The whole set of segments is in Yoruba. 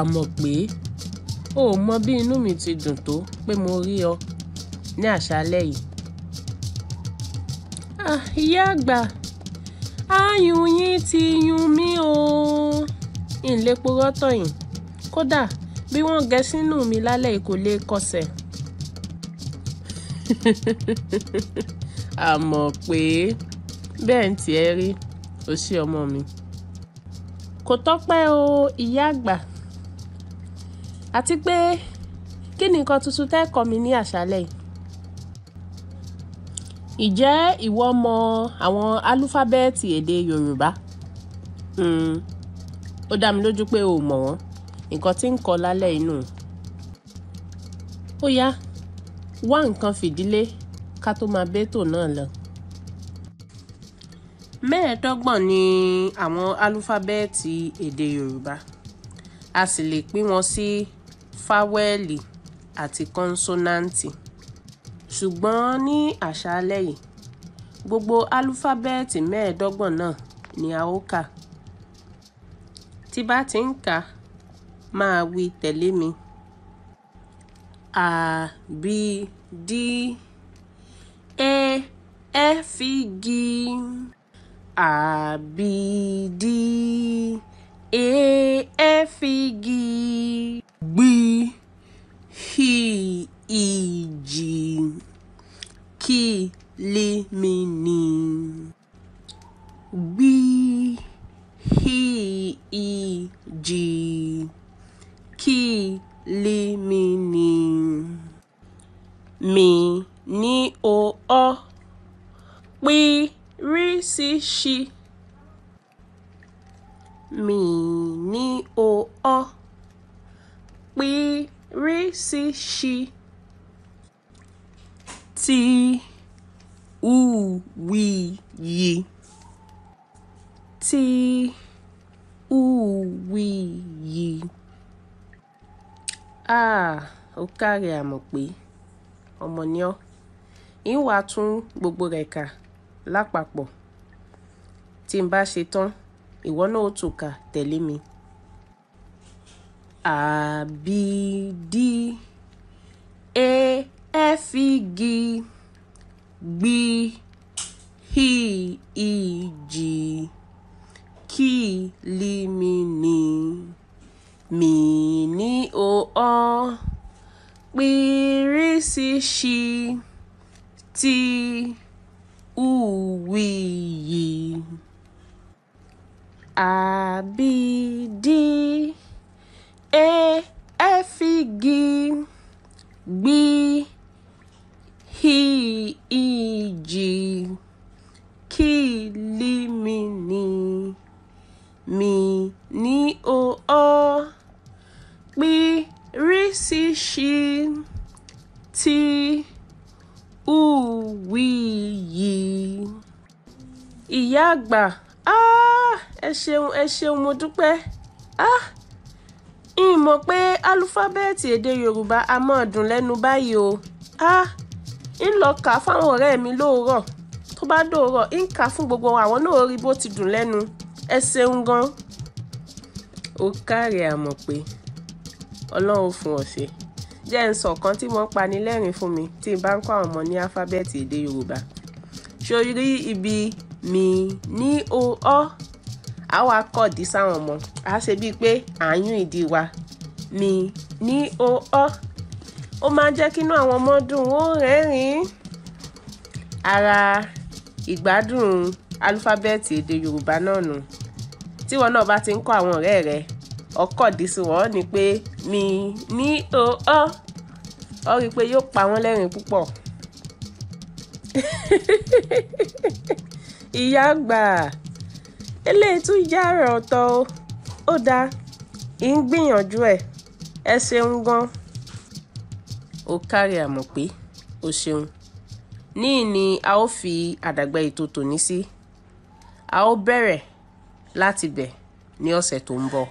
àmọ̀ pé o ò mọ bí inú mi ti dùn tó pé mo rí ọ ní àṣálẹ́ yìí. Ah, ìyá àgbà ayùn yín ti yun mí o ìlé purọ́ tọ̀yìn kódà bí wọ́n gẹ sínú mi lálẹ́ kò lè kọsẹ̀. àmọ́ pé bẹ́ẹ̀ ń tiẹ̀ rí o sí ọmọ mi kò tọ́pẹ́ o ìyá àgbà àti pé kí ni nǹkan tuntun tẹ́ kọ́ mi ní àṣálẹ́ yìí? Ǹjẹ́ ìwọ mọ àwọn álúfábẹ́ẹ̀tì èdè Yorùbá? Hmm, ó dá mi lójú pé o mọ̀ wọ́n. Nǹkan tí ń kọ́ lálẹ́ inú. Ó yá, wá nǹkan fìdílé ká tó máa bétò náà lọ. Mẹ́ẹ̀ẹ́dọ́gbọ̀n ni àwọn álúfábẹ́ẹ̀tì èdè Yorùbá. A sì lè pín wọn sí. Si fáwẹ́ẹ̀lì àti kọ́ńsónáǹtì ṣùgbọ́n ní àṣálẹ́ yìí gbogbo álúfábẹ́ẹ̀tì mẹ́ẹ̀ẹ́dọ́gbọ̀n náà ni a ó kà tí bá ti ń kà máa wí tẹ̀lé mi a b d A e, f g a b d A e, f g. O Kiijikilimini Gbiijikilimini mìníòó O mìníòó píríṣíṣì rí sí ṣí tí u wí yí tí u wí yí a ó káre àmọ̀ pé ọmọ ni ọ́ ń wàá tún gbogbo rẹ̀ kà lápapọ̀ tí n bá ṣe tán ìwọ náà ó tò ká tẹ̀lé mi a b d e f g B h e g K L M N, M N o P R S S, T u wí yìí a b d e ẹfigi e, gbi hi iji kilimini mini oo pirisisi ti uwiyi. ìyá àgbà ah, ẹ ṣeun ẹ ṣeun mo dúpẹ́ ah, ń mọ̀ pé álúfábẹ́ẹ̀tì èdè yorùbá á máa dùn lẹ́nu báyìí o áá ń lọ kà á fáwọn ọ̀rẹ́ mi lóòrọ̀ tó bá dòòrọ̀ ń kà á fún gbogbo àwọn náà rí bó ti dùn lẹ́nu ẹ ṣeun gan. ó káre àmọ̀ pé ọlọ́run fún ọ̀sẹ̀ jẹ́ ń sọ kan tí wọ́n pani lẹ́rìn fún mi tí n bá ń kọ́ àwọn ọmọ ní álúfábẹ́ẹ̀tì èdè yorùbá sórí ibi mi ní o ọ́ a wá kọ̀dí sáwọn ọmọ a ṣe bíi pé àáyún ìdí wa mi ní o ọ́ ó máa ń jẹ́ kínú àwọn ọmọ dùn ó rẹ́rìn-ín ara ìgbádùn alífábẹ́ẹ̀tì èdè Yorùbá náà nù tíwọ náà bá ti ń kọ́ àwọn ọ̀rẹ́ rẹ ọkọ̀ dísìwọ́ ni pé mi ní o ọ́ ọ rí i pé yóò pa wọ́n lẹ́rìn púpọ̀ ìyá àgbà eléyìí tún yá àrà ọ̀tọ̀ o ó dáa ì ń gbìyànjú ẹ̀ ẹ ṣeun gan. ó kárí àmọ̀ pé o ṣeun níyì ni a ó fi àdàgbà ètò tòní sí a ó bẹ̀rẹ̀ láti bẹ̀ ní ọ̀sẹ̀ tó ń bọ̀.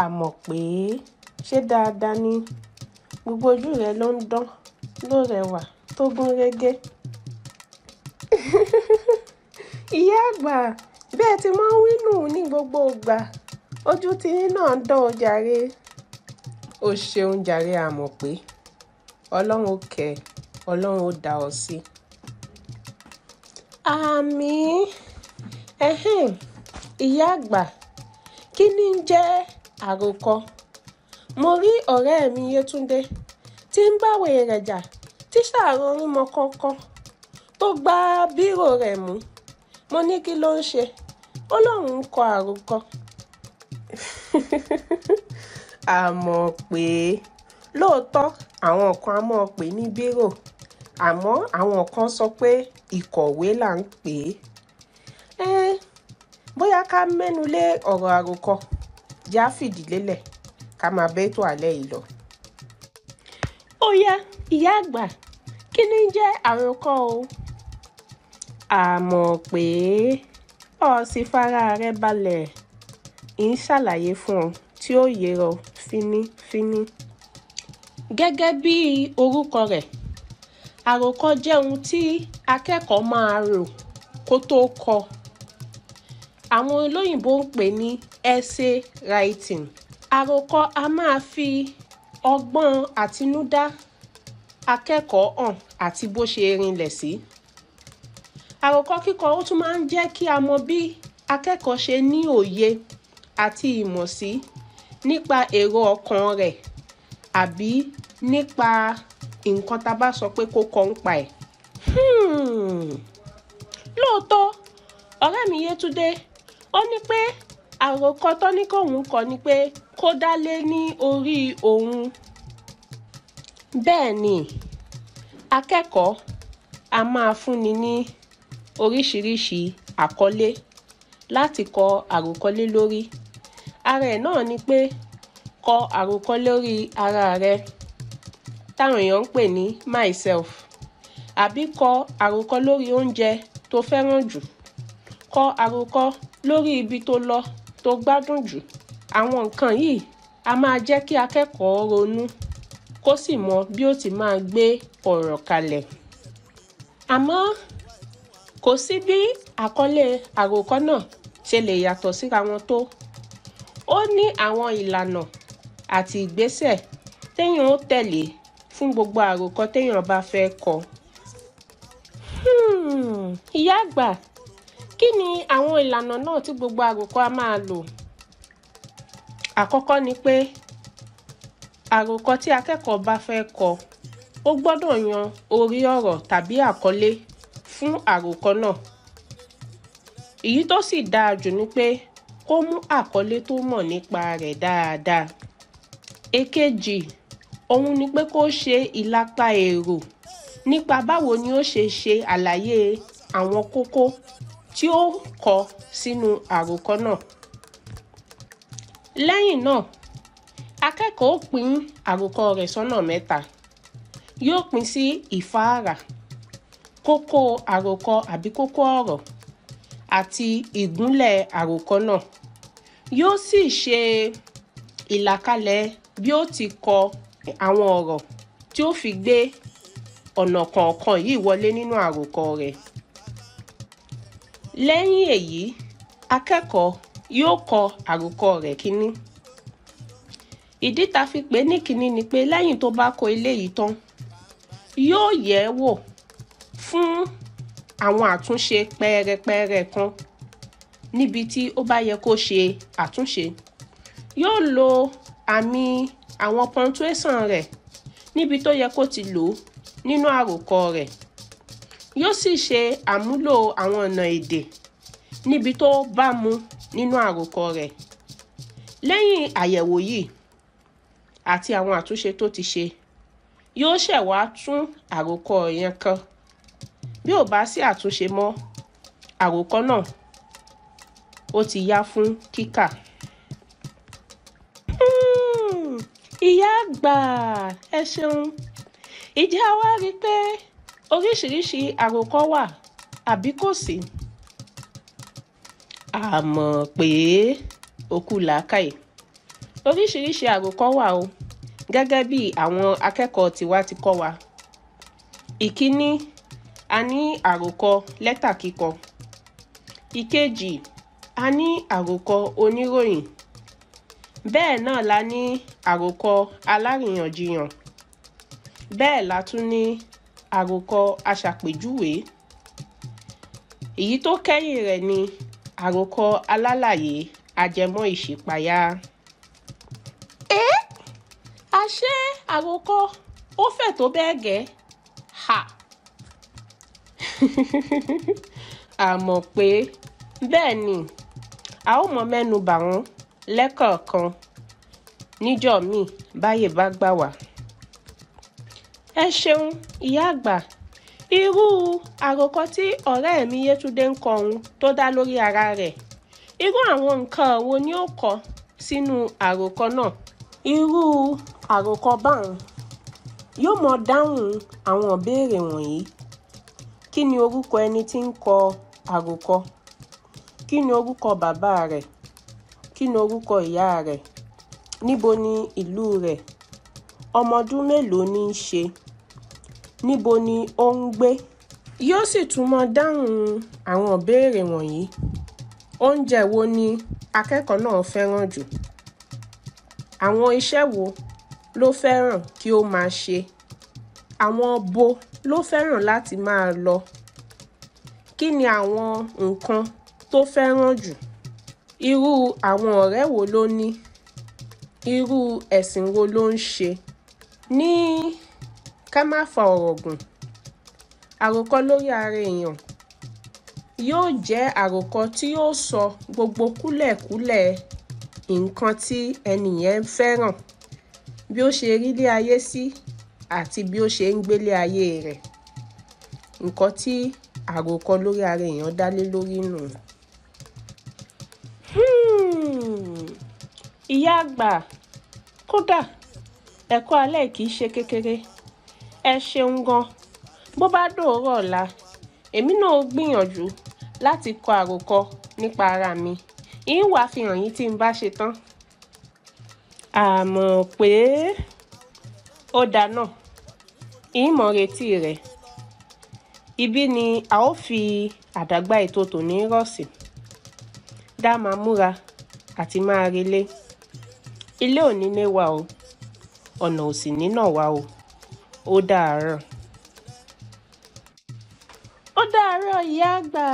àmọ̀ pé ṣe dáadáa ni gbogbo ojú rẹ ló ń dán ló rẹwà tó gún régé ìyá àgbà bẹ́ẹ̀ ti mọ́ wínú ní gbogbo ìgbà ojú tiyín náà dán o jàre O ṣeun jàre àmọ̀ pé ọlọ́run ó ọlọ́run ó dá ọ sí. àmì ìyá àgbà kí ni ń jẹ́ àròkọ mo rí ọ̀rẹ́ mi yétúndé tí ń báwèé rẹ̀ jà tí ṣàárọ̀ orímọ kọ́kọ́ tó gbá bírò rẹ̀ mú mo ní kí ló ń ṣe ó lóun ń kọ àròkọ a mọ̀ pé lóòótọ́ àwọn kan a mọ̀ pé ní bírò àmọ́ àwọn kan sọ pé ìkọ̀wé là ń pè é bóyá ká mẹ́nu lé ọ̀rọ̀ àròkọ já fìdí lélẹ̀ ká máa bẹ́tò alẹ́ yìí lọ. ó yá ìyá àgbà kí ni jẹ́ àròkọ o. a mọ̀ pé ọ sì fara rẹ balẹ̀ ń ṣàlàyé fún ọ tí ó yé ọ fínífíní. gẹ́gẹ́ bí orúkọ rẹ̀ àròkọ jẹ́ ohun tí akẹ́kọ̀ọ́ máa rò kó tó kọ àwọn olóyìnbó ń pè ní essay writing àròkọ a máa fi ọgbọ́n àtinúdá akẹ́kọ̀ọ́ hàn àti bó ṣe rinlẹ̀ sí. àròkọ kíkọ ó tún máa ń jẹ́ kí a mọ bí akẹ́kọ̀ọ́ ṣe ní òye àti ìmọ̀ sí nípa èrò ọkàn rẹ̀ àbí nípa nǹkan tá a bá sọ pé kó kọ ń pa ẹ̀. Hmm. lóòótọ́ ọ̀rẹ́ mi Yétúndé ó ní pé àròkọ tọ́níkòhún kọ ni pé kó dálé ní orí òun bẹ́ẹ̀ ni akẹ́kọ̀ọ́ a máa fúnni ní oríṣiríṣi àkọlé láti kọ àròkọ lórí ara ẹ̀ náà ni pé kọ àròkọ lórí ara rẹ táwọn èèyàn ń pè ní myself àbí kọ àròkọ lórí oúnjẹ tó fẹ́ràn jù kọ àròkọ lórí ibi tó lọ tó gbádùn jù àwọn nǹkan yìí a máa jẹ́ kí akẹ́kọ̀ọ́ ronú kó sì mọ bí ó ti máa gbé ọ̀rọ̀ kalẹ̀ àmọ́ kò sí bí àkọlé àròkọ náà ṣe lè yàtọ̀ síra wọn tó ó ní àwọn ìlànà àti ìgbésẹ̀ téèyàn ó tẹ̀lé fún gbogbo àròkọ téèyàn bá fẹ́ kọ. Hmm, ìyá àgbà Kí ni àwọn ìlànà náà tí gbogbo àròkọ á máa lò? Àkọ́kọ́ ni pé àròkọ tí akẹ́kọ̀ọ́ bá fẹ́ kọ, ó gbọ́dọ̀ yan orí ọ̀rọ̀ tàbí àkọlé fún àròkọ náà. Èyí tó sì dáa jù ni pé kó mú àkọlé tó mọ̀ nípa rẹ̀ dáadáa. Èkejì, òhun ni pé kó ṣe ìlapa èrò nípa báwo ni ó ṣe ṣe àlàyé àwọn kókó tí ó kọ sínú àròkọ náà. lẹ́yìn náà akẹ́kọ̀ọ́ pín àròkọ rẹ̀ sọ́nà mẹ́ta yóò pín sí ìfáàrà kókó àròkọ àbí kókó ọ̀rọ̀ àti ìgúnlẹ̀ àròkọ náà yóò sì ṣe ìlàkalẹ̀ bí ó ti kọ àwọn ọ̀rọ̀ tí ó fi gbé ọ̀nà kọ̀ọ̀kan yìí wọlé nínú àròkọ rẹ̀ lẹ́yìn èyí akẹ́kọ̀ọ́ yóò kọ àròkọ rẹ̀ kíní ìdí tá fi pè é ní kíní ni pé lẹ́yìn tó bá kọ eléyìí tán yóò yẹ̀ ẹ́ wò fún àwọn àtúnṣe pẹ́ẹ́rẹ́pẹ́ẹ́rẹ́ kan níbi tí ó bá yẹ kó ṣe àtúnṣe yóò lo àmì àwọn punctuation rẹ̀ níbi tó yẹ kó ti lò nínú àròkọ rẹ̀ yóò sì ṣe àmúlò àwọn ọ̀nà èdè níbi tó bá mu nínú àròkọ rẹ̀ lẹ́yìn àyẹ̀wò yìí àti àwọn àtúnṣe tó ti ṣe yóò ṣẹ̀ wá tún àròkọ yẹn kan bí ò bá sí àtúnṣe mọ́ àròkọ náà ó ti yá fún kíkà. Hmm, ìyá àgbà ẹ ṣeun ìjà wa rí i pé oríṣiríṣi àròkọ wà àbí kò sí àmọ́ pé òkú làákàyè oríṣiríṣi àròkọ wà o gẹ́gẹ́ bí àwọn akẹ́kọ̀ọ́ tiwa ti kọ́ wa ìkíní a ní àròkọ lẹ́tà kíkọ ìkejì a ní àròkọ oníròyìn bẹ́ẹ̀ náà la ní àròkọ alárìyànjiyàn bẹ́ẹ̀ la tún ní àròkọ aṣàpèjúwe èyí tó kẹ́yìn rẹ̀ ni àròkọ alálàyé ajẹmọ́ ìṣípayá. ẹ àṣé àròkọ ó fẹ̀ tó bẹ́ẹ̀ gẹ́ ha àmọ́ pé bẹ́ẹ̀ ni a ó mọ mẹ́nu bà wọ́n lẹ́kọ̀ọ̀kan níjọ́ míì báyè bá gbà wá ẹ ṣeun ìyá àgbà irú àròkọ tí ọ̀rẹ́ mi yétúndé ń kọ ohun tó dá lórí ara rẹ̀ irú àwọn nǹkan wo ni ó kọ sínú àròkọ náà irú àròkọ báwọn yóò mọ dáhùn àwọn ìbéèrè wọ̀nyí kí ni orúkọ ẹni tí ń kọ àròkọ kí ni orúkọ bàbá rẹ̀ kí ni orúkọ ìyá rẹ̀ níbo ni ìlú rẹ̀ ọmọ ọdún mélòó ní í ṣe níbo ni ó ń gbé yóò sì tún máa dáhùn àwọn ìbéèrè wọ̀nyí oúnjẹ wo ni akẹ́kọ̀ọ́ náà fẹ́ràn jù àwọn iṣẹ́ wo ló fẹ́ràn kí ó máa ṣe àwọn bo ló fẹ́ràn láti máa lọ kí ni àwọn nǹkan tó fẹ́ràn jù irú àwọn ọ̀rẹ́ wo ló ní irú ẹ̀sìn wo ló ń ṣe ní ká má fa ọ̀rọ̀ gùn àròkọ lórí ara èèyàn yóò jẹ́ àròkọ tí yóò sọ gbogbo kúlẹ̀kúlẹ̀ nǹkan tí ẹnìyẹn ń fẹ́ràn bí ó ṣe rílé ayé sí àti bí ó ṣe ń gbélé ayé rẹ̀ nǹkan tí àròkọ lórí ara èèyàn dálé lórí nù. Hmm. ìyá àgbà kódà ẹ̀kọ́ alẹ́ kìí ṣe kékeré ẹ ṣeun gan bó bá dòórọ̀ ọ̀la èmi náà ó gbìyànjú láti kọ àròkọ nípa ara mi ìyín wàá fi hàn yín tí n bá ṣe tán àmọ́ pé ó dáná ìyín mọ̀ retí rẹ̀ ibí ni a ó fi àdágbà ètò tòní rọ̀ sí dá máa múra àti máa relé ilé ò ní lé wa o ọ̀nà ò sì ní nà wa o. ó dàárọ̀. ó dàárọ̀ ìyá àgbà.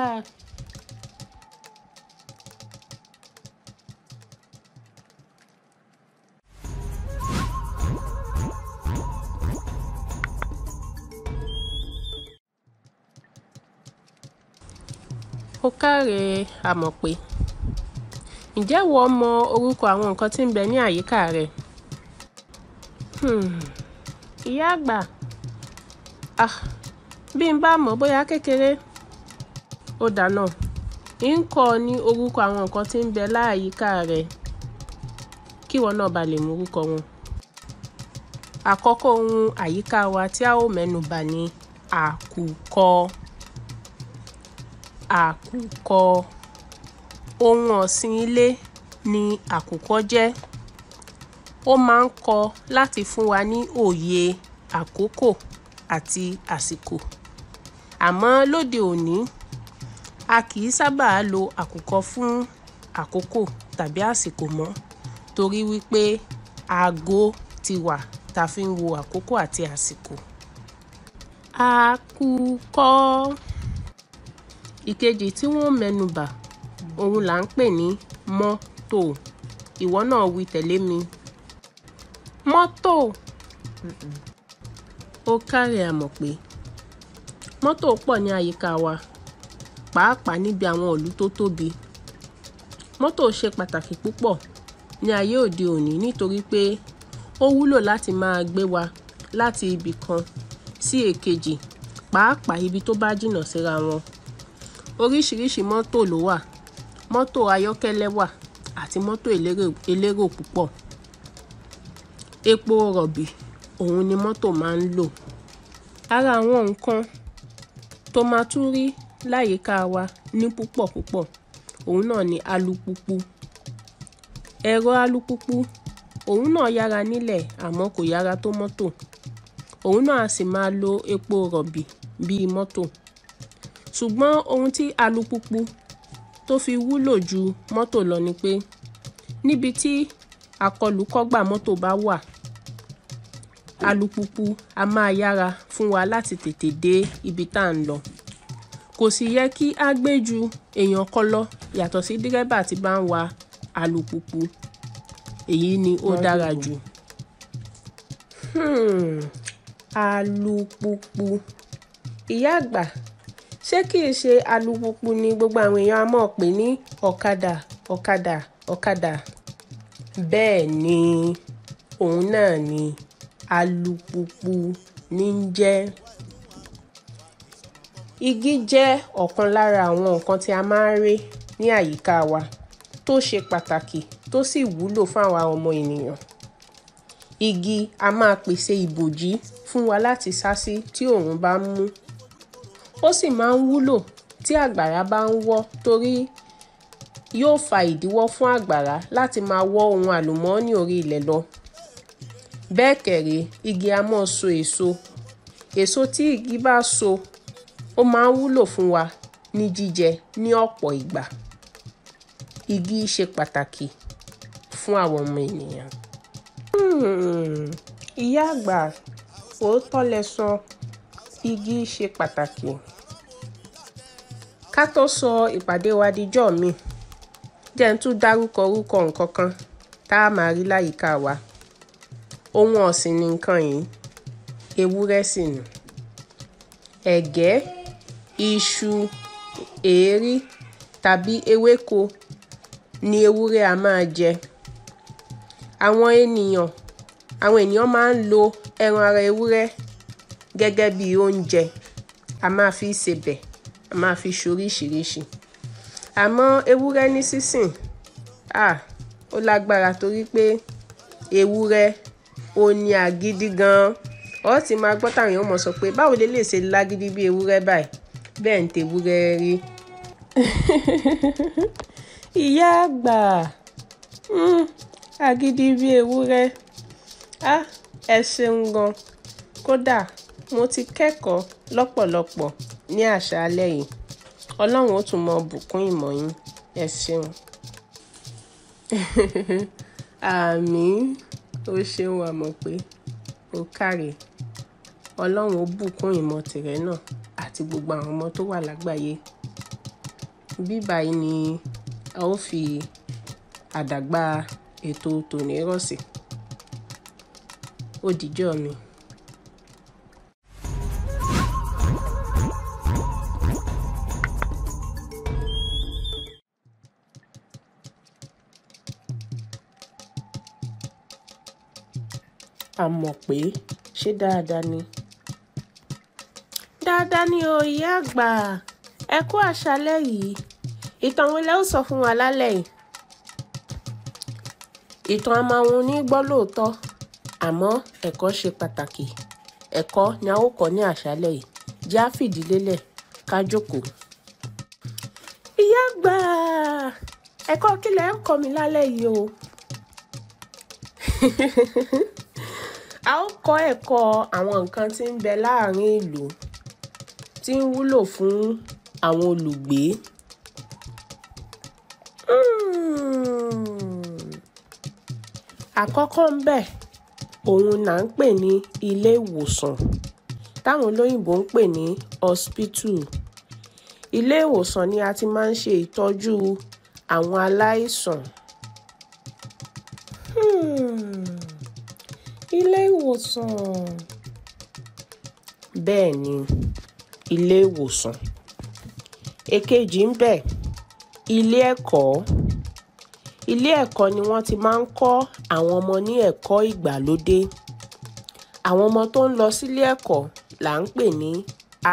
ó káre àmọ̀pé ǹjẹ́ wọ́n mọ orúkọ àwọn nǹkan tí ń bẹ ní àyíká rẹ̀? Hmm. ìyá àgbà ah bí n bá mọ̀ bóyá kékeré ó dáná ń kọ́ ọ ní orúkọ àwọn nǹkan tí ń bẹ láàyíká rẹ kíwọ náà ba lè mú orúkọ wọn àkọ́kọ́ ohun àyíká wa tí a ó mẹ́nu bà ní àkùkọ àkùkọ ohun ọ̀sìn ilé ni àkùkọ jẹ́ ó máa ń kọ láti fún wa ní òye àkókò àti àsìkò àmọ́ lóde òní a kì í sábà lo àkùkọ fún àkókò tàbí àsìkò mọ́ torí wípé aago ti wà tá fi ń wo àkókò àti àsìkò. àkùkọ ìkejì tí wọ́n mẹ́nubà òun là ń pè ní mọ́tò ìwọ náà wí tẹ̀lé mi mọ́tò ó káre a mọ̀ pé mọ́tò pọ̀ ní àyíká wa pàápàá níbi àwọn ìlú tó tóbi mọ́tò ṣe pàtàkì púpọ̀ ní ayé òde òní nítorí pé ó wúlò láti máa gbé wa láti ibì kan sí èkejì pàápàá ibi tó bá jìnnà síra wọn oríṣiríṣi mọ́tò ló wà mọ́tò ayọ́kẹ́lẹ́ wà àti mọ́tò elérò púpọ̀ epo rọ̀bì òun ni mọ́tò máa ń lò ara àwọn nǹkan tó máa tún rí láyìíká wa ní púpọ̀ púpọ̀ òun náà ni alùpùpù ẹ̀rọ alùpùpù òun náà yára nílẹ̀ àmọ́ kò yára tó mọ́tò òun náà a sì máa lo epo rọ̀bì bíi mọ́tò ṣùgbọ́n ohun tí alùpùpù tó fi wúlò ju mọ́tò lọ ni pé níbi tí àkọlùkọ́gbà mọ́tò bá wà alùpùpù á máa yára fún wa láti tètè dé ibi tá à ń lọ kò sì yẹ kí a gbé ju èèyàn kan lọ yàtọ̀ sí dírẹ́bà tí bá ń wa alùpùpù èyí ni ó dára jù. Hmm. alùpùpù ìyá àgbà ṣé kìí ṣe alùpùpù ni gbogbo àwọn èèyàn á mọ̀ pé ní ọ̀kadà ọ̀kadà ọ̀kadà bẹ́ẹ̀ ni òun náà ni alùpùpù ní ń jẹ́. Igi jẹ́ ọ̀kan lára àwọn nǹkan tí a máa ń rí ní àyíká wa tó ṣe pàtàkì tó sì wúlò fún àwa ọmọ ènìyàn. Igi a máa pèsè ìbòjí fún wa láti sá sí tí oòrùn bá ń mú. Ó sì máa ń wúlò tí àgbàrá bá ń wọ́ torí yóò fa ìdíwọ́ fún àgbàrá láti máa wọ́ ohun àlùmọ́ọ́nì orí ilẹ̀ lọ bẹ́ẹ̀ kẹ̀rẹ́ igi a máa so èso èso tí igi bá so ó máa ń wúlò fún wa ní jíjẹ ní ọ̀pọ̀ ìgbà igi ṣe pàtàkì fún àwọn ọmọ ènìyàn. Hmm, ìyá àgbà òótọ́ lẹ sọ igi ṣe pàtàkì. ká tó sọ ìpàdé wa dijọ́ mi jẹ́ ń tún dárúkọ orúkọ nǹkan kan tá a máa rí láyìíká wa ohun ọ̀sìn ni nǹkan yìí ewúrẹ́ sì ni ẹ̀gẹ́ iṣu èérí tàbí ewéko ni ewúrẹ́ a máa jẹ àwọn ènìyàn àwọn ènìyàn máa ń lo ẹran ara ewúrẹ́ gẹ́gẹ́ bí oúnjẹ a máa fi ṣebẹ̀ a máa fi ṣoríṣiríṣi àmọ́ ewúrẹ́ ní sísìn ah ó lágbára torí pé ewúrẹ́ òun ni àgídí gan-an ó ti máa gbọ́ táwọn èèyàn mọ̀ sọ pé báwo lè lè ṣe lágídí bí ewúrẹ́ báyìí bẹ́ẹ̀ ń tewúrẹ́ rí. ìyá àgbà àgídí hmm, bí ewúrẹ́ ah ẹ ṣeun gan kódà mo ti kẹ́kọ̀ọ́ lọ́pọ̀lọpọ̀ ní àṣálẹ́ yìí ọlọ́run ó tún mọ bùkún ìmọ̀ yín ẹ ṣeun àmín o ṣeun a mọ̀ pé o káre ọlọ́run ó bùkún ìmọ̀ tìrẹ náà àti gbogbo àwọn ọmọ tó wà lágbàáyé bíbáyìí ni a ó fi àdàgbà ètò tòní rọ̀ sí ó dìjọ́ mi. mọ̀ pé ṣé dáadáa ni. dáadáa ni o ìyá àgbà ẹ kú àṣálẹ́ yìí ìtàn wo lẹ ó sọ fún wa lálẹ́ yìí. ìtàn a máa wọn ní gbọ́ lóòótọ́ àmọ́ ẹ̀kọ́ ṣe pàtàkì ẹ̀kọ́ ni a ó kọ́ ní àṣálẹ́ yìí já fìdí lélẹ̀ ká jókòó. ìyá àgbà ẹ̀kọ́ kí lẹ ń kọ́ mi lálẹ́ yìí o. a ó kọ́ ẹ̀kọ́ àwọn nǹkan tí ń bẹ láàárín ìlú tí ń wúlò fún àwọn olùgbé. Hmm. àkọ́kọ́ ń bẹ òun là ń pè ní ilé ìwòsàn táwọn olóyìnbó ń pè ní hospital ilé ìwòsàn ni a ti máa ń ṣe ìtọ́jú àwọn aláìsàn. Ilé ìwòsàn. Bẹ́ẹ̀ni, ilé ìwòsàn. Èkejì ń bẹ, ilé ẹ̀kọ́. Ilé ẹ̀kọ́ ni wọ́n ti máa ń kọ́ àwọn ọmọ ní ẹ̀kọ́ ìgbàlódé. Àwọn ọmọ tó ń lọ sí ilé ẹ̀kọ́ là ń pè ní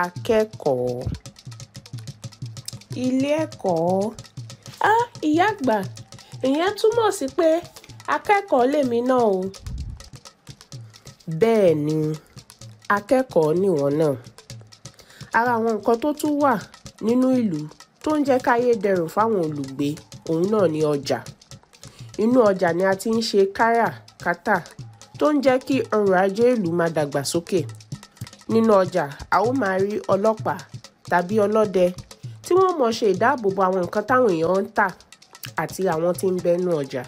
akẹ́kọ̀ọ́. Ilé ẹ̀kọ́. Á ah, ìyá àgbà, ìyẹn túmọ̀ sí pé akẹ́kọ̀ọ́ lèmi náà o bẹ́ẹ̀ ni akẹ́kọ̀ọ́ nìwọ náà ara àwọn nǹkan tó tún wà nínú ìlú tó ń jẹ́ káyé dẹrùn fáwọn olùgbé òun náà ni ọjà inú ọjà ni a ti ń ṣe káràkátà tó ń jẹ́ kí ọrọ̀ ajé ìlú máa dàgbà sókè nínú ọjà a ó máa rí ọlọ́pàá tàbí ọlọ́dẹ tí wọ́n mọ̀ ṣe ìdáàbòbò àwọn nǹkan táwọn èèyàn ń tà àti àwọn tí ń bẹ́nu ọjà.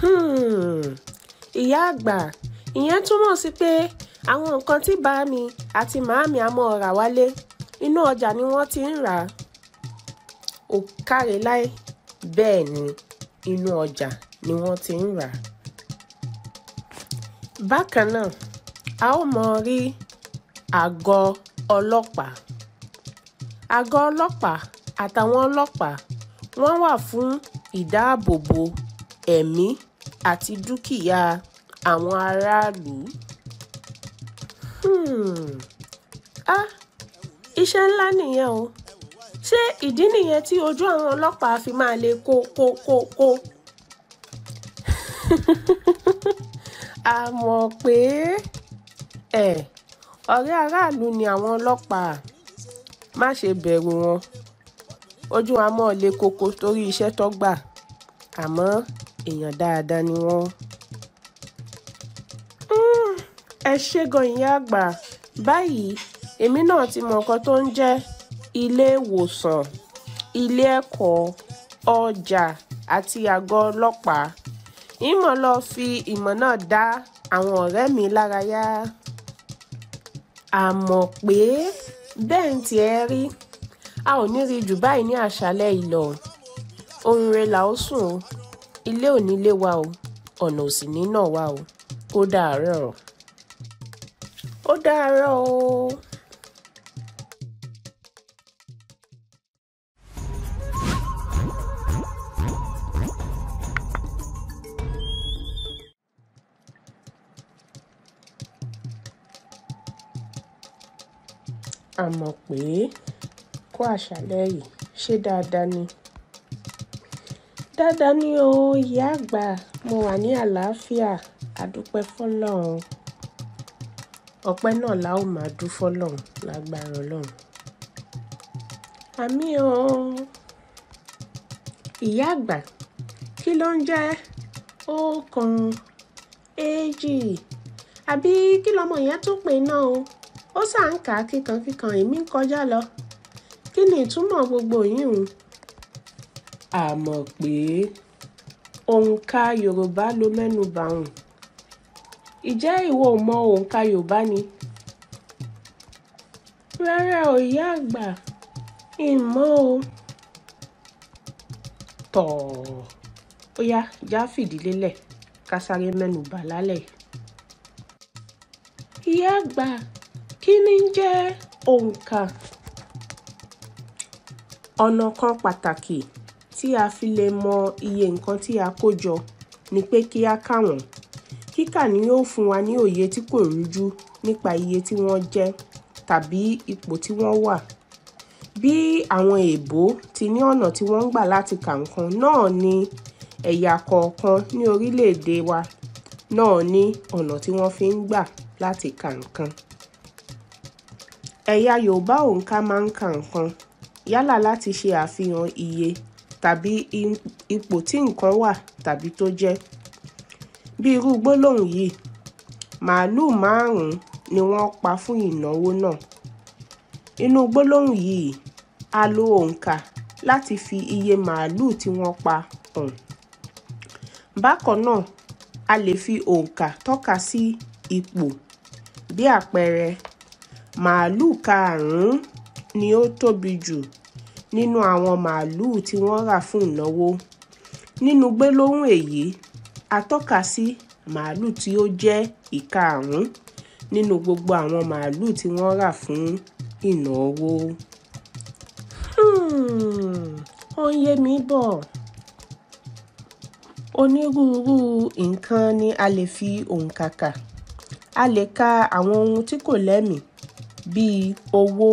Hmm ìyá àgbà ìyẹn túmọ̀ sí pé àwọn nǹkan tí bàámi àti màámi àmọ́ rà wálé inú ọjà ni wọ́n ti ń rà á ò káre láì bẹ́ẹ̀ ni inú ọjà ni wọ́n ti ń rà á. bákan náà a ó mọ rí àgọ́ ọlọ́pàá àgọ́ ọlọ́pàá àtàwọn ọlọ́pàá wọ́n wà fún ìdáàbòbò ẹ̀mí àti dúkìá àwọn aráàlú. Hmm. Ah, iṣẹ́ ńlá nìyẹn o ṣé ìdí nìyẹn tí ojú àwọn ọlọ́pàá fi máa le kó kó kó kó. a mọ̀ pé ẹ ọ̀rẹ́ aráàlú ni àwọn ọlọ́pàá má ṣe bẹ̀rù wọn ojú wa mọ̀ le koko torí iṣẹ́ tó gbà àmọ́ èèyàn dáadáa ni wọ́n. Hmm, ẹ ṣé gan ìyá àgbà báyìí èmi náà ti mọ nǹkan tó ń jẹ́ ilé ìwòsàn ilé ẹ̀kọ́ ọjà àti àgọ́ ọlọ́pàá ìmọ̀ lọ fi ìmọ̀ náà dá àwọn ọ̀rẹ́ mi lárayá àmọ́ pé bẹ́ẹ̀ ń tiẹ̀ rí a ò ní rí jù báyìí ní àṣálẹ́ ìlọ ohun rẹ̀ là ó sùn o ilé ò ní wa o ọ̀nà ò sì ní nà wa o ó dàárọ̀ o ó dàárọ̀ o. àmọ̀ pé kó àṣálẹ́ yìí ṣe dáadáa ni dáadáa ni o ìyá àgbà mo wà ní àlàáfíà àdúpẹ́ fọlọ́run ọpẹ́ náà la ó máa dú fọlọ́run lágbára ọlọ́run àmì o ìyá àgbà kí ló ń jẹ́ ọ̀kan èjì àbí kí lọmọ yẹn tún pè náà o ó sà ń kà á kíkankíkan èmi ń kọjá lọ kí ni ìtumọ̀ gbogbo yìí o a mọ̀ pé òǹkà yorùbá ló mẹ́nu bà hùn ìjẹ́ ìwọ ò mọ òǹkà yorùbá ni rárá o ìyá àgbà ìmọ̀ o tọ̀ ó yá já fìdílé lẹ̀ ká sáré mẹ́nu bà lálẹ́ ìyá àgbà kí ni ń jẹ́ òǹkà ọ̀nà kan pàtàkì tí a fi lè mọ iye nǹkan tí a kó jọ ni pé kí á kà wọ́n. Kíkà ni yóò fún wa ní òye tí kò rújú nípa iye tí wọ́n jẹ́ tàbí ipò tí wọ́n wà. Bí àwọn èèbó ti ní ọ̀nà tí wọ́n ń gbà láti kà nǹkan náà ni ẹ̀yà kọ̀ọ̀kan ní orílẹ̀-èdè wa náà ní ọ̀nà tí wọ́n fi ń gbà láti kà nǹkan. Ẹ̀yà Yorùbá òǹkà máa ń ka nǹkan yálà láti ṣe àfihàn iye tàbí ipò tí nǹkan wà tàbí tó jẹ́. bí irú gbólóhùn yìí màálùú márùn-ún ni wọ́n pa fún ìnáwó náà. inú gbólóhùn yìí a lo òǹkà láti fi iye màálùú tí wọ́n pa hàn. bákan náà a lè fi òǹkà tọ́ka sí ipò bí àpẹẹrẹ màálùú karùn-ún ni ó tóbi jù nínú àwọn màálùú tí wọ́n rà fún ìnáwó nínú gbólóhùn èyí a tọ́ka sí màálùú tí ó jẹ́ ìkarùn-ún nínú gbogbo àwọn màálùú tí wọ́n rà fún ìnáwó. Hmm, ó ń yé mi bọ̀ onírúurú nǹkan ni a lè fi òǹkà kà a lè ka àwọn ohun tí kò lẹ́mìí bíi owó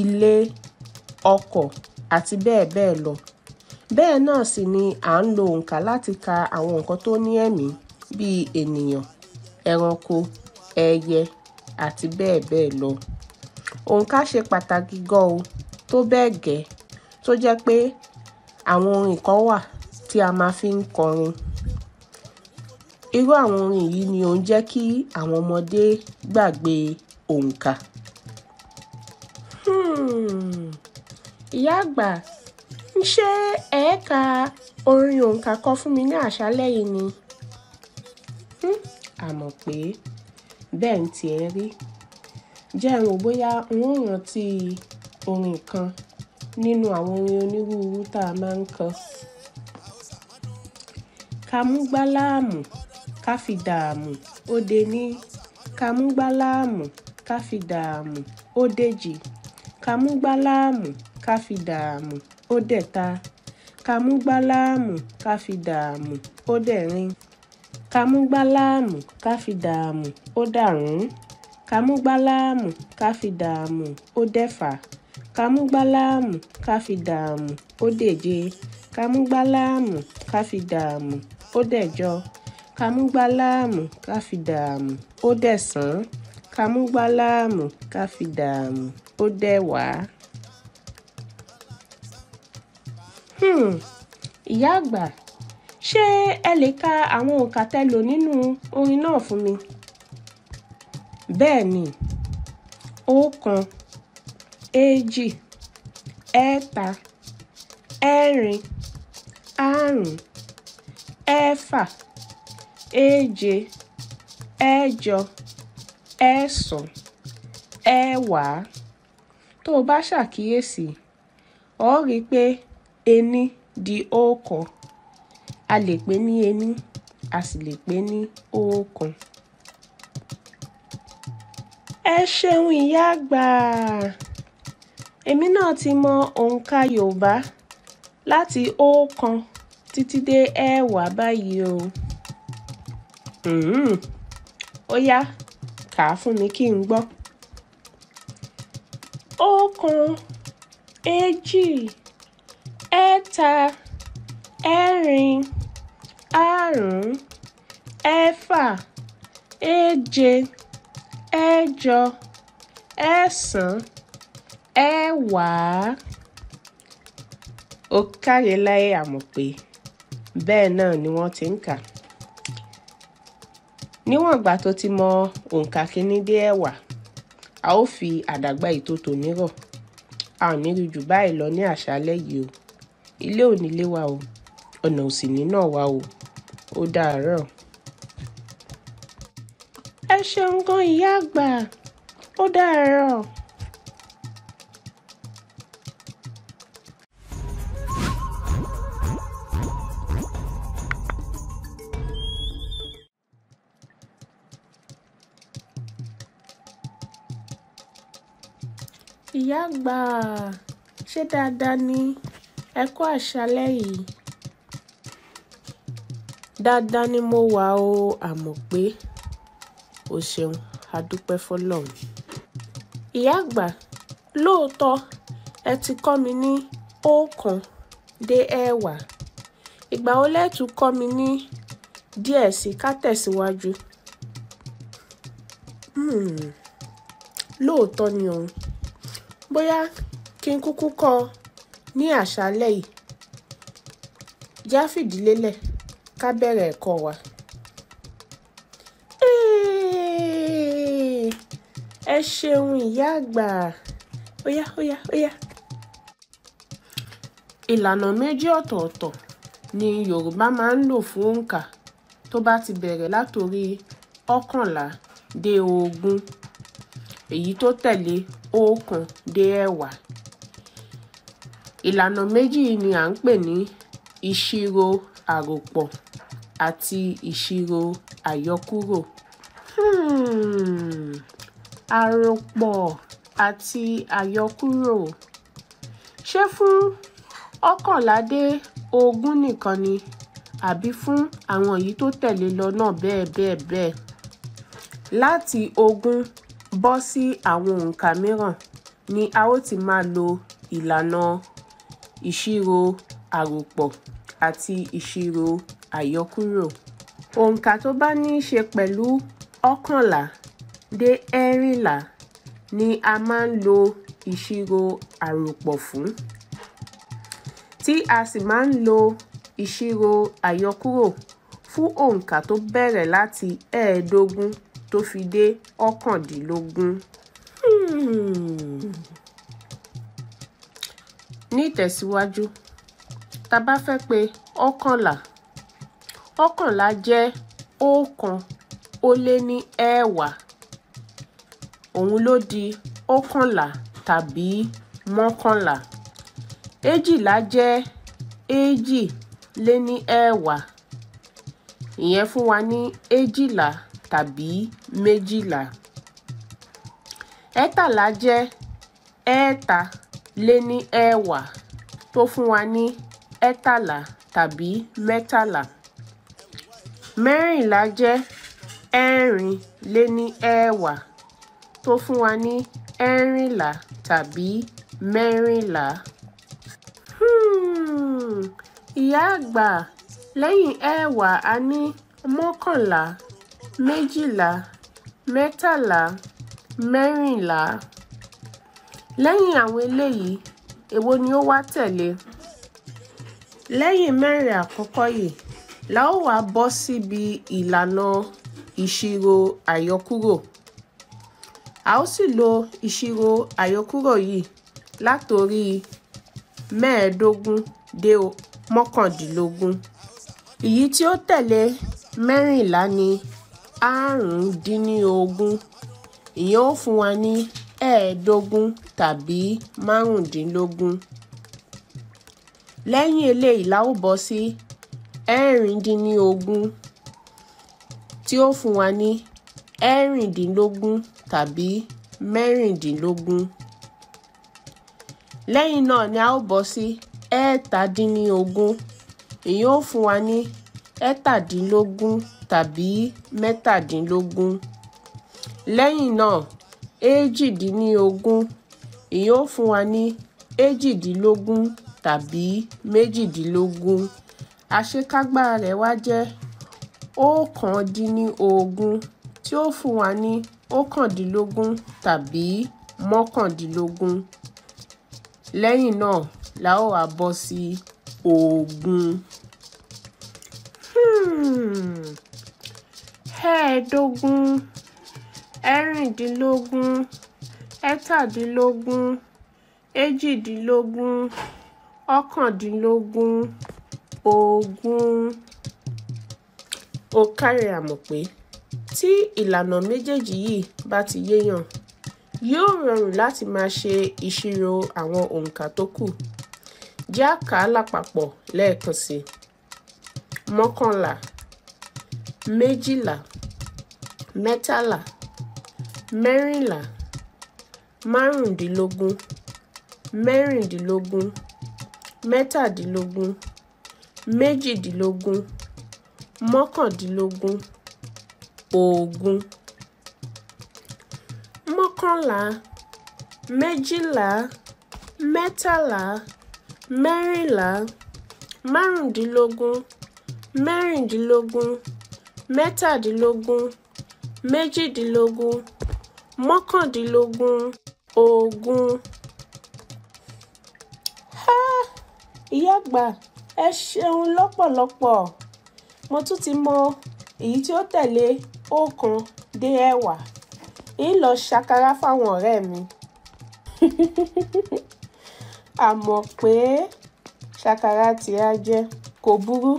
ilé ọkọ̀ àti bẹ́ẹ̀ bẹ́ẹ̀ lọ bẹ́ẹ̀ náà sì ni à ń lo òǹkà láti ka àwọn nǹkan tó ní ẹ̀mí bíi ènìyàn ẹranko ẹyẹ àti bẹ́ẹ̀ bẹ́ẹ̀ lọ òǹkà ṣe pàtàkì gan o tó bẹ́ẹ̀ gẹ́ tó jẹ́ pé àwọn orin kan wà tí a máa fi ń kọrin irú àwọn orin yìí ni ó ń jẹ́ kí àwọn ọmọdé gbàgbé òǹkà. ìyá àgbà ṣé ẹ ka orin òǹkà kan fún mi ní àṣálẹ́ yìí ni àmọ̀ hm, pé bẹ́ẹ̀ ń tiẹ̀ rí jẹ́ ń rò bóyá n ó rántí orin kan nínú àwọn orin onírúurú tá a máa ń kọ ká ká fi dààmú ó ní ká ká fi dààmú ó dèjì ká fi dààmú ó dẹ̀ ta ká mú gbá láàmú ká fi dààmú ó dẹ̀ rin ká mú gbá láàmú ká fi dààmú ó dàrún ká mú gbá láàmú ká fi dààmú ó dẹ̀fà ká mú gbá láàmú ká fi dààmú ó dèje ká mú gbá láàmú ká fi dààmú ó dẹ̀jọ ká mú gbá láàmú ká fi dààmú ó dẹ̀sán ká mú gbá láàmú ká fi dààmú ó dẹ̀wàá. Hmm. ìyá àgbà ṣé ẹ lè ka àwọn òǹkà tẹ́ lò nínú orin náà fún mi bẹ́ẹ̀ ni ọ̀kan èjì ẹ̀ta ẹ̀rin àrún ẹ̀fà èje ẹ̀jọ ẹ̀sán ẹ̀wàá tó o bá ṣàkíyèsí o rí i pé Eni di oókan. A lè pè é ní ení, a sì lè pè é ní oókan. Ẹ ṣeun ìyá àgbà! Èmi náà ti mọ òǹkà Yorùbá láti oókan títí dé ẹẹ́wàá báyìí o. Hmm. Ó yá, kà á fún mi kí n gbọ́. Oókan, èjì, ẹẹ́ta ẹẹ́rin àrún ẹẹ́fà èje ẹẹ́jọ ẹẹ́sàn-án ẹẹ́wàá ó káre láyé àmọ̀ pé bẹ́ẹ̀ náà ni wọ́n ti ń kà níwọ̀n ìgbà tó ti mọ òǹkà kínní dé ẹ̀wà a ó fi àdàgbà ètò tòní a ò ní rí jù báyìí lọ ní àṣálẹ́ yìí o ilé ò nílé wa o ọ̀nà ò sì ní náà wa o ó dàárọ̀. ẹ ṣeun gan ìyá àgbà ó dàárọ̀. ìyá àgbà ṣé dáadáa ni. Ẹ kú àṣálẹ́ yìí. Dáadáa ni mo wà o, àmọ̀ pé o ṣeun, a dúpẹ́ fọ́lọ́run. Ìyá àgbà, lóòótọ́ ẹ ti kọ́ mi ní oókan dé ẹẹ́wàá. Ìgbà wo lẹ kọ́ mi ní díẹ̀ sí ká tẹ̀síwájú? Hmm, lóòótọ́ ni òun. Bóyá kí n kúkú kọ́ ní àṣálẹ́ yìí já fìdí lélẹ̀ ká bẹ̀rẹ̀ ẹ̀kọ́ wa. ẹ ṣeun ìyá àgbà óyá óyá óyá. ìlànà méjì ọ̀tọ̀ọ̀tọ̀ ni Yorùbá máa ń lò fún òǹkà tó bá ti bẹ̀rẹ̀ látòrí ọ̀kànlá dé ogún èyí tó tẹ̀lé ọ̀kan dé ẹ̀wá. E ìlànà méjì ni à ń pè ní ìṣirò àròpọ̀ àti ìṣirò àyọkúrò. um àròpọ̀ àti àyọkúrò ṣé fún ọ̀kànlá dé ogún nìkan ni àbí fún àwọn èyí tó tẹ̀lé lọ náà bẹ́ẹ̀ bẹ́ẹ̀ bẹ́ẹ̀ láti ogún bọ́ sí àwọn òǹkà mìíràn ni a ó ti máa lo ìlànà ìṣirò àròpọ̀ àti ìṣirò àyọkúrò. òǹkà tó bá ní í ṣe pẹ̀lú ọ̀kànlá dé ẹ́rìnlá ni a máa ń lo ìṣirò àròpọ̀ fún tí a sì máa ń lo ìṣirò àyọkúrò fún òǹkà tó bẹ̀rẹ̀ láti ẹẹ́dógún tó fi dé ọ̀kàndínlógún. Hmm ní ìtẹ̀síwájú tá a bá fẹ́ pe ọ̀kànlá ọ̀kànlá jẹ́ ọ̀kan ó lé ní ẹẹ́wàá òun ló di ọ̀kànlá tàbí mọ́kànlá èjìlá jẹ́ èjì lé ní ẹẹ́wàá ìyẹn fún wa ní èjìlá tàbí méjìlá ẹẹ́tàlá jẹ́ ẹẹ́ta lé ní ẹẹ́wá tó fún wa ní ẹẹ́tàlá tàbí mẹ́tàlá. mẹ́rìnlá jẹ́ ẹẹ́rin lé ní ẹẹ́wá tó fún wa ní ẹ́rìnlá tàbí mẹ́rìnlá. Hmm, ìyá àgbà lẹ́yìn ẹẹ́wá a ní mọ́kànlá méjìlá mẹ́tàlá mẹ́rìnlá lẹ́yìn àwọn eléyìí èwo ni ó wá tẹ̀lé lẹ́yìn mẹ́rin àkọ́kọ́ yìí la ó wá bọ́ síbi ìlànà ìṣirò àyọkúrò a ó sì lo ìṣirò àyọkúrò yìí látòrí mẹ́ẹ̀ẹ́dógún dé mọ́kàndínlógún èyí tí ó tẹ̀lé mẹ́rìnlá ni àrùn dín ní ogún ìyẹn ó fún wa ní ẹ̀ẹ́dógún tàbí márùndínlógún. lẹ́yìn eléyìí la ó bọ́ sí ẹ̀rìndínlógún tí ó fún wa ní ẹ̀rìndínlógún tàbí mẹ́rìndínlógún. lẹ́yìn náà ni a ó bọ́ sí ẹ̀ẹ́tàdínlógún èyí ó fún wa ní ẹ̀ẹ́tàdínlógún tàbí mẹ́tàdínlógún. lẹ́yìn náà èjìdínlógún ìyẹn ó fún wa ní èjìdínlógún tàbí méjìdínlógún àṣekágbá rẹ̀ wá jẹ́ oókàndínníogún tí ó fún wa ní ókàndínlógún tàbí mọ́kàndínlógún lẹ́yìn náà la ó wá bọ́ sí ogún. Hmm. ẹ̀ẹ́dógún ẹ̀rìndínlógún ẹ́tàdínlógún èjìdínlógún ọ̀kándínlógún ogún ó káre àmọ̀pé tí ìlànà méjèèjì yìí bá ti yéèyàn yóò rọrùn láti máa ṣe ìṣirò àwọn òǹkà tó kù jẹ́ á kà á lápapọ̀ lẹ́ẹ̀kan sí mọ́kànlá méjìlá mẹ́tàlá mẹ́rìnlá márùndínlógún mẹ́rìndínlógún mẹ́tàdínlógún méjìdínlógún mọ́kàndínlógún ogún mọ́kànlá méjìlá mẹ́tàlá mẹ́rìnlá márùndínlógún mẹ́rìndínlógún mẹ́tàdínlógún méjìdínlógún mọ́kàndínlógún ogun. Ha! Ìyá àgbà ẹ ṣeun lọ́pọ̀lọpọ̀ mo tún ti mọ èyí tí ó tẹ̀lé ọ̀kan dé ẹ̀wá ń lọ ṣàkàrà fáwọn ọ̀rẹ́ mi àmọ́ pé ṣàkàrà tí a jẹ kò burú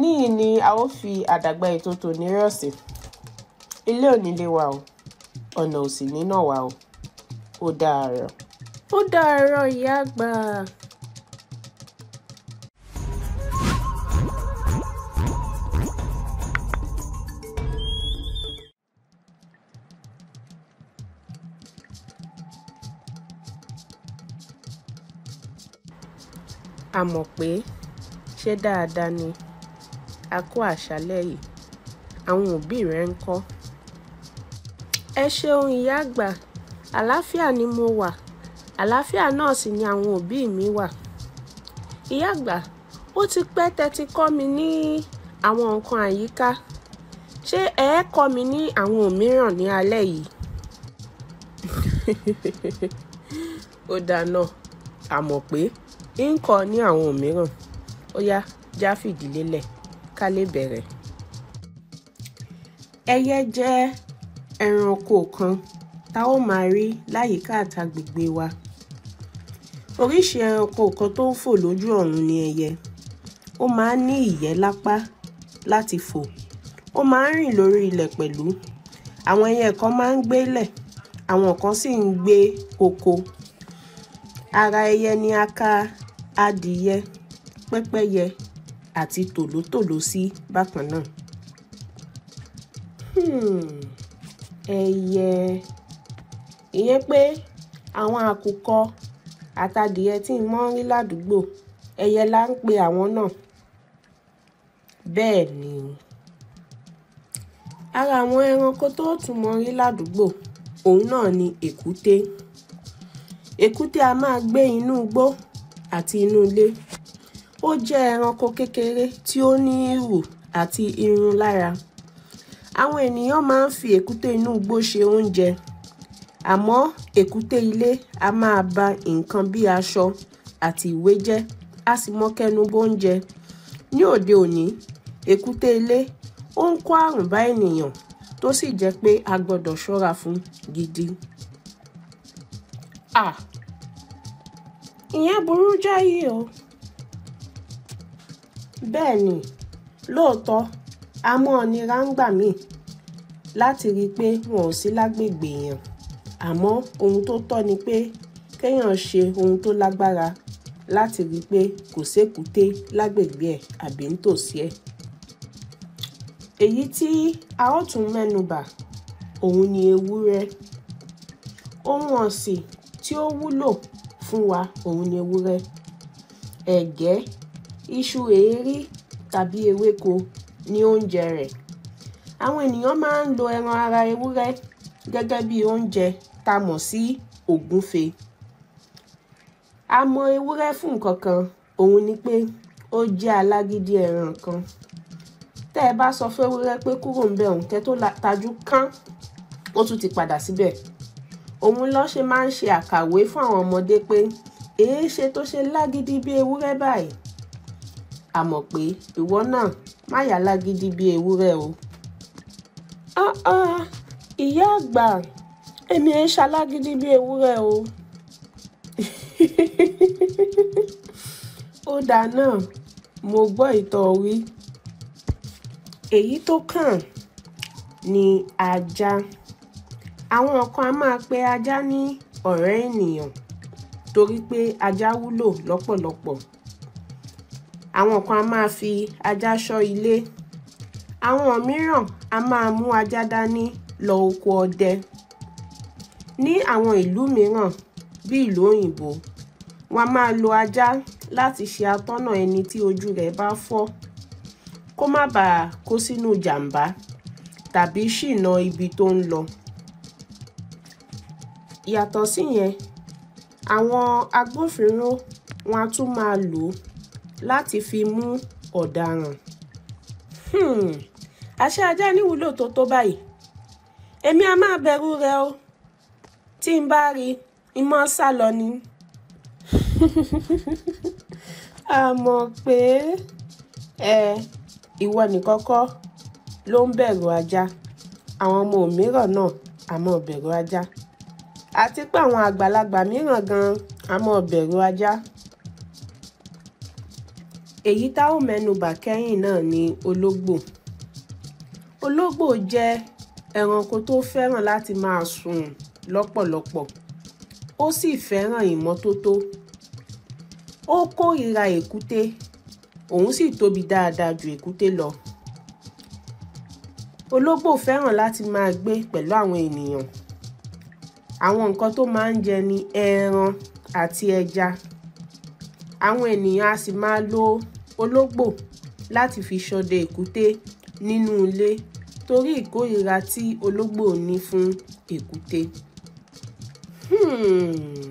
níyì ni a ó fi àdàgbà ètò tòní rọ̀ sí ilé ò ní lè wà o ọ̀nà òsì nínà wa o ó dàárọ̀. ó dàárọ̀ ìyá àgbà. a mọ̀ pé ṣé dáadáa ni a kó àṣálẹ́ yìí àwọn òbí rẹ̀ ń kọ́ ẹ ṣeun ìyá àgbà àlàáfíà ni mo wà àlàáfíà náà sì ni àwọn òbí mi wà ìyá àgbà ó ti pẹ́ tẹ́ ti kọ́ mi ní àwọn nǹkan àyíká ṣé ẹ ẹ́ kọ́ mi ní àwọn òmíràn ní alẹ́ yìí ó dáná àmọ̀ pé ń kọ́ ní àwọn òmíràn ó yá já fìdí lélẹ̀ ká lè bẹ̀rẹ̀ ẹyẹ jẹ́ ẹranko kan tá ó máa rí láyìíká àtàgbègbè wa oríṣi ẹranko kan tó ń fò lójú ọ̀run ni ẹyẹ ó máa ń ní ìyẹ́ lápá láti fò ó máa ń rìn lórí ilẹ̀ pẹ̀lú àwọn ẹyẹ kan máa ń gbélẹ̀ àwọn kan sì ń gbé koko ara ẹyẹ ni a kà adìyẹ pẹ́pẹ́yẹ àti tòlótòló sí bákan náà. Hmm ẹyẹ. Ìyẹn pé àwọn àkùkọ àtàdìẹ tí n máa ń rí ládùúgbò, ẹyẹ la ń pe àwọn náà. Bẹ́ẹ̀ ni. Ara àwọn ẹranko tó tún mọ rí ládùúgbò, òun náà ni èkúté. Èkúté a máa gbé inú igbó àti inú ilé. Ó jẹ́ ẹranko kékeré tí ó ní ìrù àti irun lára àwọn ènìyàn máa ń fi èkúté inú igbó ṣe oúnjẹ àmọ́ èkúté ilé a máa ba nǹkan bí aṣọ àti ìwé jẹ́ a sì mọ kẹnu bóúnjẹ ní òde òní èkúté ilé ó ń kó àrùn bá ènìyàn tó sì jẹ́ pé a gbọ́dọ̀ ṣọ́ra fún gidi. à ìyẹn burú jáyé o bẹ́ẹ̀ ni lóòótọ́ a mọ́ nira ń gbà míì láti rí i pé wọn ò sí lágbègbè yẹn àmọ́ ohun tó tọ́ ni pé kéèyàn ṣe ohun tó lágbára láti rí i pé kò sékúté lágbègbè ẹ̀ àbí nítòsí ẹ̀. èyí tí a ó tún mẹ́nubà òun ni ewúrẹ́ ohun ọ̀sìn tí ó wúlò fún wa òun ni ewúrẹ́ ẹ̀gẹ́ iṣu èérí tàbí ewéko ní oúnjẹ rẹ̀ àwọn ènìyàn máa ń lo ẹran ara ewúrẹ́ gẹ́gẹ́ bí oúnjẹ tá a mọ̀ sí ògúnfe a mọ ewúrẹ́ fún nǹkan òun ni pé ó jẹ́ alágídí ẹran kan tẹ́ ẹ bá sọ fún ewúrẹ́ pé kúrò ń bẹ̀ òun kẹ́ tó tajú kán ó tún ti padà síbẹ̀ òun ló ṣe máa ń ṣe àkàwé fún àwọn ọmọdé pé èé ṣe tó ṣe lágídí bí ewúrẹ́ báyìí A àmọ̀ pé ìwọ náà má yà lágídí bíi ewúrẹ́ o. Ah, ah, ìyá àgbà èmi ẹ ṣalágídí bíi ewúrẹ́ o. ó dáa náà mo gbọ́ ìtàn orí. èyí tó kàn ni ajá àwọn kan a máa pe ajá ní ọ̀rẹ́ ènìyàn torí pé ajá wúlò lọ́pọ̀lọpọ̀ àwọn kan a máa fi ajá ṣọ́ ilé àwọn mìíràn a máa mú ajá dání lọ oko ọdẹ ní àwọn ìlú mìíràn bí ìlú òyìnbó wọn a máa lo ajá láti ṣe atọ́nà ẹni tí ojú rẹ̀ bá fọ́ kó má bàa kó sínú jàǹbá tàbí ṣìnà ibi tó ń lọ yàtọ̀ síyẹn àwọn agbófinró wọn a tún máa lò ó láti fi mú ọ̀daràn hmm, àṣẹ ajá níwúlò tó tó báyìí èmi a máa bẹ̀rù rẹ o tí n bá rí i mọ́ sá lọ ni a mọ̀ pé ẹ ìwọ nìkan kọ́ ló ń bẹ̀rù ajá àwọn ọmọ mìíràn náà a máa bẹ̀rù ajá àti pé àwọn àgbàlagbà mìíràn gan-an a máa bẹ̀rù ajá èyí tá ò mẹ́nubà kẹ́yìn náà ni ológbò ológbò jẹ́ ẹranko tó fẹ́ràn láti máa sùn lọ́pọ̀lọpọ̀ ó sì fẹ́ràn ìmọ́tótó ó kórìíra èkúté òun sì tóbi dáadáa ju èkúté lọ ológbò fẹ́ràn láti máa gbé pẹ̀lú àwọn ènìyàn àwọn nǹkan tó máa ń jẹ ni ẹran àti ẹja àwọn ènìyàn á sì máa lo ológbò láti fi ṣọdẹ èkúté nínú ilé torí ìkórìíra tí ológbò ní fún èkúté. Hmm.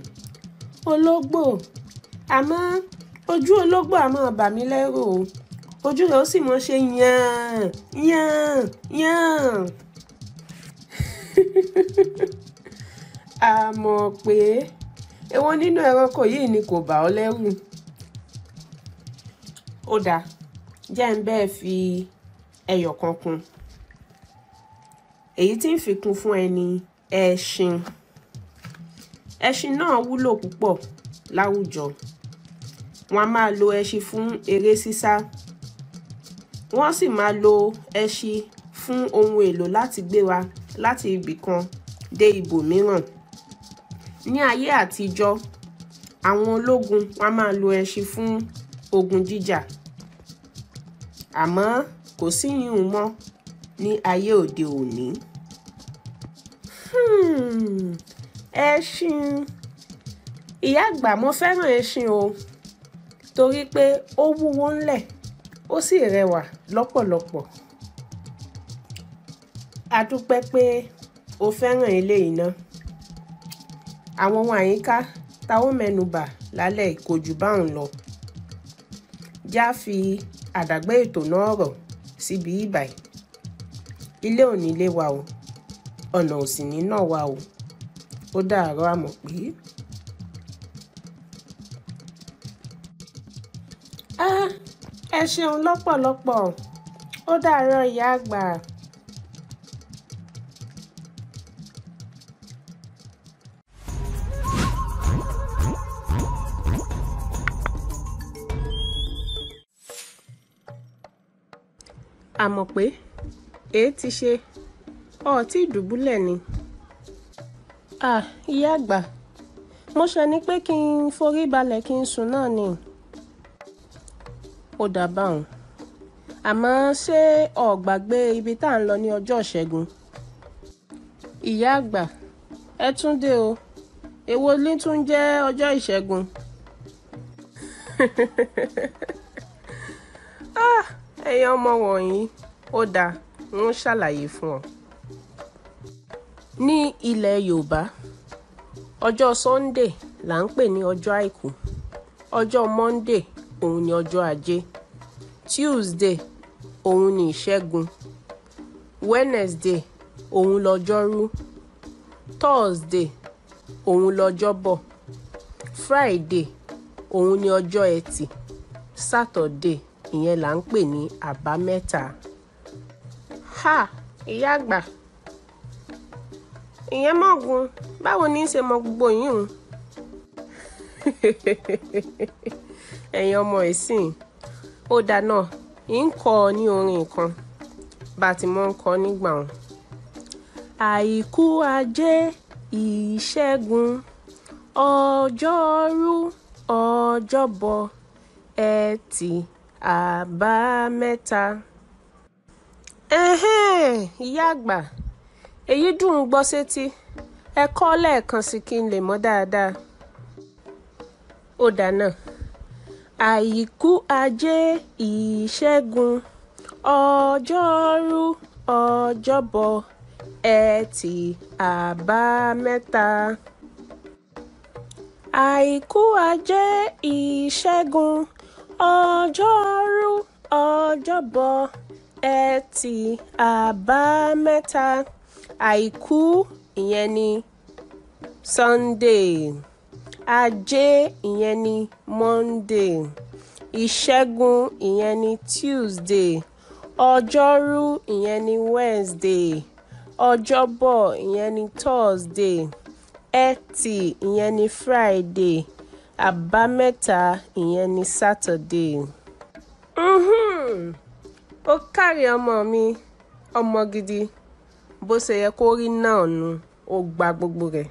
ológbò àmọ́ ojú ológbò àmọ́ bà mí lẹ́rù o ojú rẹ̀ ó sì mọ́ ṣe yàn yàn yàn. a mọ̀ pé èwo nínú ẹranko yìí ni kò bà ọ́ lẹ́rù ó dáa jẹ́ ń bẹ́ẹ̀ fi ẹyọ kan kún èyí tí ń fi kún fún ẹni ẹṣin ẹṣin náà wúlò púpọ̀ láwùjọ wọn a máa lo ẹṣin fún eré sísá wọ́n sì máa lo ẹṣin fún ohun èlò láti gbé wa láti ibì kan dé ibòmíràn ní ayé àtijọ́ àwọn ológun wọn a máa lo ẹṣin fún ogun jíjà àmọ́ kò sí yìnyín mọ́ ní ayé òde òní. Hmm, ẹṣin ìyá àgbà mo fẹ́ràn ẹṣin o torí pé ó wúwo ńlẹ̀ ó sì rẹwà lọ́pọ̀lọpọ̀ a pé o fẹ́ràn eléyìí náà àwọn ohun àyíká táwọn mẹ́nubà lálẹ́ kò jù báwọn lọ já àdágbé ètò náà rọ̀ síbi ìbàì ilé ò ní lé wa o ọ̀nà ò sì ní nà wa o ó dàárọ̀ àmọ̀ pé. Ah, ẹ ṣeun lọ́pọ̀lọpọ̀ ó dàárọ̀ ìyá àgbà. àmọ̀ pé èé ti ṣe ọ tí dùbúlẹ̀ ni. à ìyá àgbà mo ṣe ni pé kí n forí balẹ̀ kí n sùn náà ni. ó dà báwọn àmọ́ ṣé o gbàgbé ibi tá à ń lọ ní ọjọ́ ìṣẹ́gun. ìyá àgbà ẹ tún dé o èwo ní tún jẹ́ ọjọ́ ìṣẹ́gun. ẹ̀yin ọmọ wọ̀nyí ó dáa n ó ṣàlàyé fún ọ. ní ilẹ̀ yorùbá ọjọ́ sunday là ń pè ní ọjọ́ àìkú ọjọ́ monday òun ni ọjọ́ ajé tuesday òun ni ìṣẹ́gun wednesday òun lọ́jọ́rú thursday òun lọ́jọ́bọ̀ friday òun ni ọjọ́ ẹtì saturday ìyẹn là ń pè ní àbámẹ́ta. ha ìyá àgbà ìyẹn mọ̀gùn báwo ní í ṣe mọ gbogbo yìí hùn ẹ̀yin ọmọ ìsìn ó dáná ì ń kọ́ ọ ní orin kan bá a ti mọ́ ń kọ́ nígbà wọn. àìkú ajé ìṣẹ́gun ọjọ́rú ọjọ́bọ̀ ẹtì àbámẹ́ta. ẹ̀hẹ́n ìyá àgbà èyí dùn ún gbọ́ sétí ẹ kọ́ lẹ́ẹ̀kan sí kí n lè mọ̀ dáadáa. ó dáná àìkú ajé ìṣẹ́gun ọjọ́rú ọjọ́bọ̀ ẹtì àbámẹ́ta. àìkú ajé ìṣẹ́gun ọjọ́rú ọjọ́bọ̀ ẹtì àbámẹ́ta àìkú ìyẹn ní sunday ajé ìyẹn ní monday ìṣẹ́gun ìyẹn ní tuesday ọjọ́rú ìyẹn ní wednesday ọjọ́bọ̀ ìyẹn ní thursday ẹtì ìyẹn ní friday àbámẹ́ta ìyẹn ní sátidé ó kárí ọmọ mi ọmọ gidi bó ṣe yẹ kó rí náà nù ó gba gbogbo rẹ̀